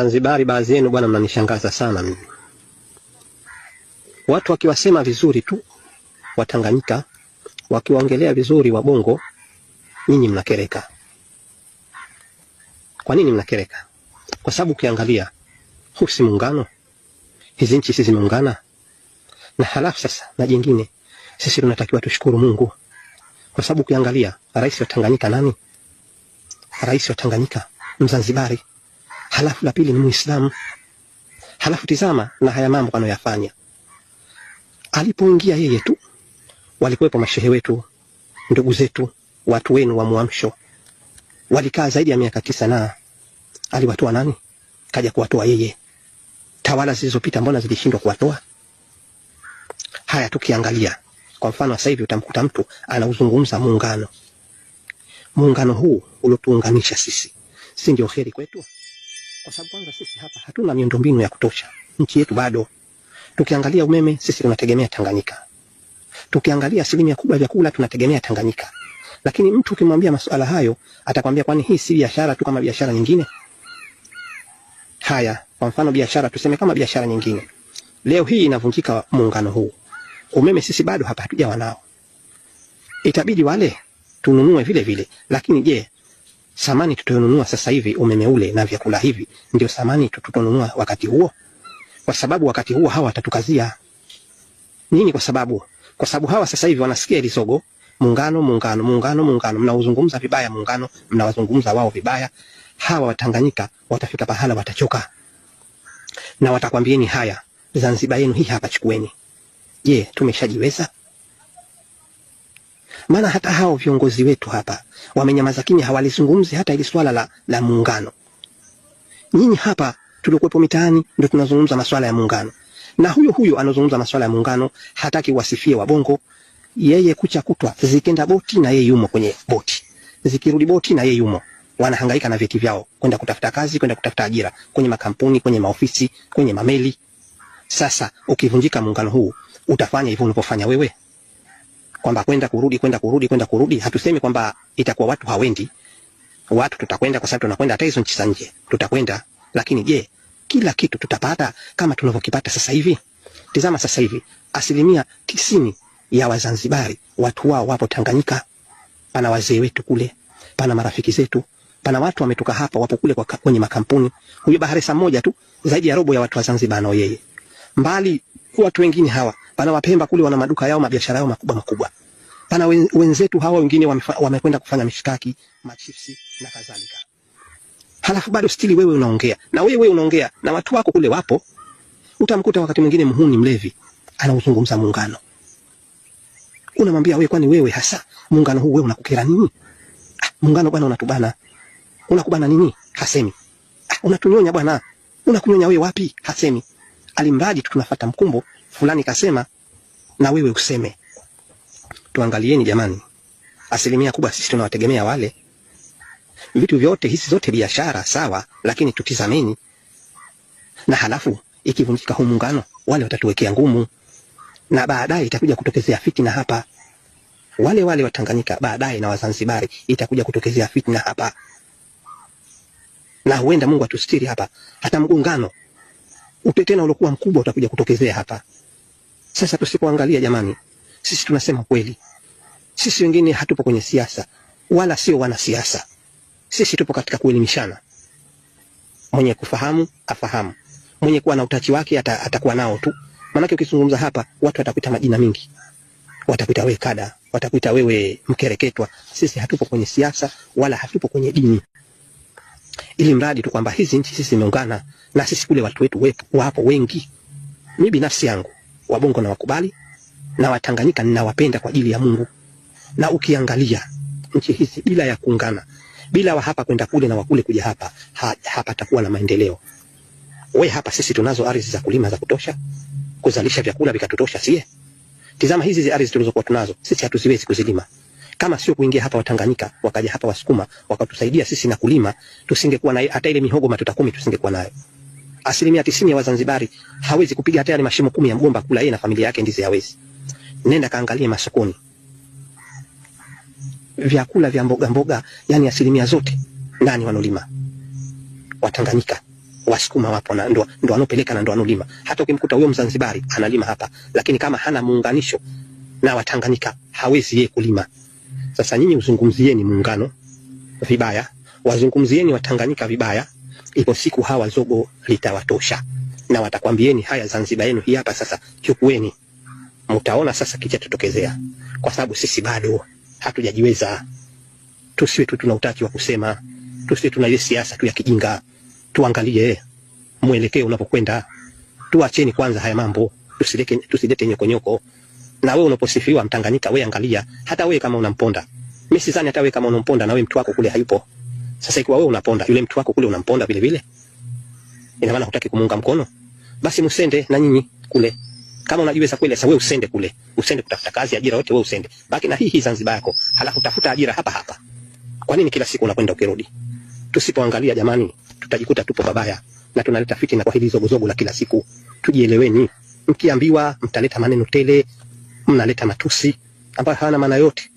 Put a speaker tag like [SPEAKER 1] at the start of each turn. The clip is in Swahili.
[SPEAKER 1] Zanzibari baadhi yenu bwana, mnanishangaza sana mimi. Watu wakiwasema vizuri tu Watanganyika, wakiwaongelea vizuri Wabongo, ninyi mnakereka. Kwa nini mnakereka? Kwa sababu ukiangalia huu si muungano, hizi nchi si zimeungana. Na halafu sasa, na jingine, sisi tunatakiwa tushukuru Mungu kwa sababu ukiangalia rais wa Tanganyika nani? Rais wa Tanganyika Mzanzibari halafu la pili ni Muislamu. Halafu tizama na haya mambo anayoyafanya. Alipoingia yeye tu, walikuwepo mashehe wetu, ndugu zetu, watu wenu wa Mwamsho, walikaa zaidi ya miaka tisa, na aliwatoa nani? Kaja kuwatoa yeye. Tawala zilizopita mbona zilishindwa kuwatoa? Haya, tukiangalia kwa mfano sasa hivi utamkuta mtu anauzungumza muungano. Muungano huu uliotuunganisha sisi, si ndio heri kwetu? kwa sababu kwanza sisi hapa hatuna miundombinu ya kutosha. Nchi yetu bado, tukiangalia umeme sisi tunategemea Tanganyika, tukiangalia asilimia kubwa ya vyakula tunategemea Tanganyika. Lakini mtu ukimwambia masuala hayo atakwambia, kwani hii si biashara tu kama biashara nyingine? Haya, kwa mfano biashara, tuseme kama biashara nyingine, leo hii inavunjika muungano huu, umeme sisi bado hapa hatujawa nao, itabidi wale tununue vile vile. Lakini je, samani tutonunua sasa hivi, umeme ule na vyakula hivi, ndio samani tutonunua wakati huo? Kwa sababu wakati huo hawa watatukazia nini? Kwa sababu kwa sababu hawa sasa hivi wanasikia hili sogo muungano, muungano, muungano, muungano, mnauzungumza vibaya muungano, mnawazungumza wao vibaya. Hawa Watanganyika watafika pahala watachoka na watakwambieni haya, Zanzibar yenu hii hapa, chukueni. Je, tumeshajiweza? Maana hata hao viongozi wetu hapa wamenyamaza kimya, hawalizungumzi hata ili swala la, la muungano. Nyinyi hapa tuliokuwepo mitaani ndio tunazungumza masuala ya muungano, na huyo huyo anazungumza masuala ya muungano hataki wasifie wabongo. Yeye kucha kutwa zikenda boti na yeye yumo kwenye boti, zikirudi boti na yeye yumo. Wanahangaika na vyeti vyao kwenda kutafuta kazi, kwenda kutafuta ajira kwenye makampuni, kwenye maofisi, kwenye mameli. Sasa ukivunjika muungano huu utafanya hivyo ulivyofanya wewe? kwamba kwenda kurudi kwenda kurudi kwenda kurudi. Hatusemi kwamba itakuwa watu hawendi, watu tutakwenda, kwa sababu tunakwenda hata hizo nchi za nje tutakwenda, lakini je, kila kitu tutapata kama tunavyokipata sasa hivi? Tizama sasa hivi asilimia tisini ya Wazanzibari watu wao wapo Tanganyika. Pana wazee wetu kule, pana marafiki zetu, pana watu wametoka hapa, wapo kule kwa kwenye makampuni. Huyo baharesa moja tu, zaidi ya robo ya watu wa Zanzibar nao yeye mbali, watu wengine hawa pana Wapemba kule wana maduka yao mabiashara yao makubwa makubwa. Pana wenzetu hawa wengine wamekwenda kufanya mishikaki machipsi na kadhalika. Halafu bado stili wewe unaongea na wewe unaongea na watu wako kule wapo. Utamkuta wakati mwingine mhuni mlevi anauzungumza muungano, unamwambia wewe, kwani wewe hasa muungano huu wewe unakukera nini? Ah, muungano bwana unatubana, unakubana nini? Hasemi. Ah, unatunyonya bwana, unakunyonya wewe wapi? Hasemi, alimradi tu tunafuata mkumbo fulani kasema na wewe useme. Tuangalieni jamani, asilimia kubwa sisi tunawategemea wale. Vitu vyote hisi zote biashara sawa, lakini tutizameni, na halafu ikivunjika huu muungano, wale watatuwekea ngumu, na baadaye itakuja kutokezea fitina hapa. Wale wale Watanganyika baadaye na Wazanzibari itakuja kutokezea fitina hapa, na huenda Mungu atustiri hapa, hata mgongano utetena tena uliokuwa mkubwa utakuja kutokezea hapa. Sasa tusipoangalia, jamani, sisi tunasema kweli, sisi wengine hatupo kwenye siasa wala sio wanasiasa, sisi tupo katika kuelimishana. Mwenye kufahamu afahamu, mwenye kuwa na utachi wake atakuwa nao tu. Maanake ukizungumza hapa watu watakuita majina mingi, watakuita wewe kada, watakuita wewe mkereketwa. Sisi hatupo kwenye siasa wala hatupo kwenye dini, ili mradi tu kwamba hizi nchi sisi zimeungana na sisi kule watu wetu wapo wengi. Mimi binafsi yangu Wabongo na wakubali na Watanganyika ninawapenda kwa ajili ya Mungu. Na ukiangalia nchi hizi bila ya kuungana, bila wa hapa kwenda kule na wakule kuja hapa, ha, hapa takuwa na maendeleo. We hapa sisi tunazo ardhi za kulima za kutosha, kuzalisha vyakula vikatutosha sie. Tizama hizi ardhi tulizokuwa tunazo, sisi hatuziwezi kuzilima. Kama sio kuingia hapa Watanganyika, wakaja hapa Wasukuma, wakatusaidia sisi na kulima, tusingekuwa na hata ile mihogo matuta kumi tusingekuwa nayo asilimia tisini ya Wazanzibari hawezi kupiga hata yale mashimo kumi ya mgomba kula yeye na familia yake ndizi hawezi. Nenda kaangalie masokoni. Vyakula vya mboga mboga, yani asilimia zote ndani wanolima? Watanganyika. Wasukuma wapo na ndo ndo wanopeleka na ndo wanolima. Hata ukimkuta huyo Mzanzibari analima hapa, lakini kama hana muunganisho na Watanganyika hawezi yeye kulima. Sasa nyinyi uzungumzieni muungano vibaya, wazungumzieni Watanganyika vibaya ipo siku hawa zogo litawatosha, na watakwambieni haya, Zanzibar yenu hii hapa sasa, chukueni, mtaona sasa kicha tutokezea kwa sababu sisi bado hatujajiweza. Tusiwe tu tuna utaki wa kusema, tusiwe tuna ile siasa tu ya kijinga. Tuangalie mwelekeo unapokwenda, tuacheni kwanza haya mambo, tusileke tusidete nyoko nyoko Na wewe unaposifiwa Mtanganyika, wewe angalia, hata wewe kama unamponda mimi sidhani, hata wewe kama unamponda, na wewe mtu wako kule hayupo sasa ikiwa wewe unaponda, yule mtu wako kule unamponda vile vile, ina maana hutaki kumunga mkono, basi msende na nyinyi kule. Kama unajiweza kweli, sasa wewe usende kule, usende kutafuta kazi, ajira yote wewe usende, baki na hii hii Zanzibar yako, halafu tafuta ajira hapa hapa. Kwa nini kila siku unakwenda ukirudi? Tusipoangalia jamani, tutajikuta tupo babaya na tunaleta fitina kwa hili zogozogo la kila siku. Tujieleweni, mkiambiwa mtaleta maneno tele, mnaleta matusi ambayo hayana maana yote.